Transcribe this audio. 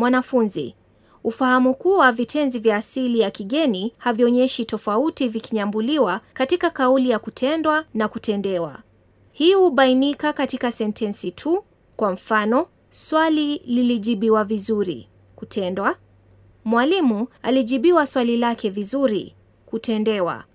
Mwanafunzi, ufahamu kuwa vitenzi vya asili ya kigeni havionyeshi tofauti vikinyambuliwa katika kauli ya kutendwa na kutendewa. Hii hubainika katika sentensi tu. Kwa mfano, swali lilijibiwa vizuri, kutendwa. Mwalimu alijibiwa swali lake vizuri, kutendewa.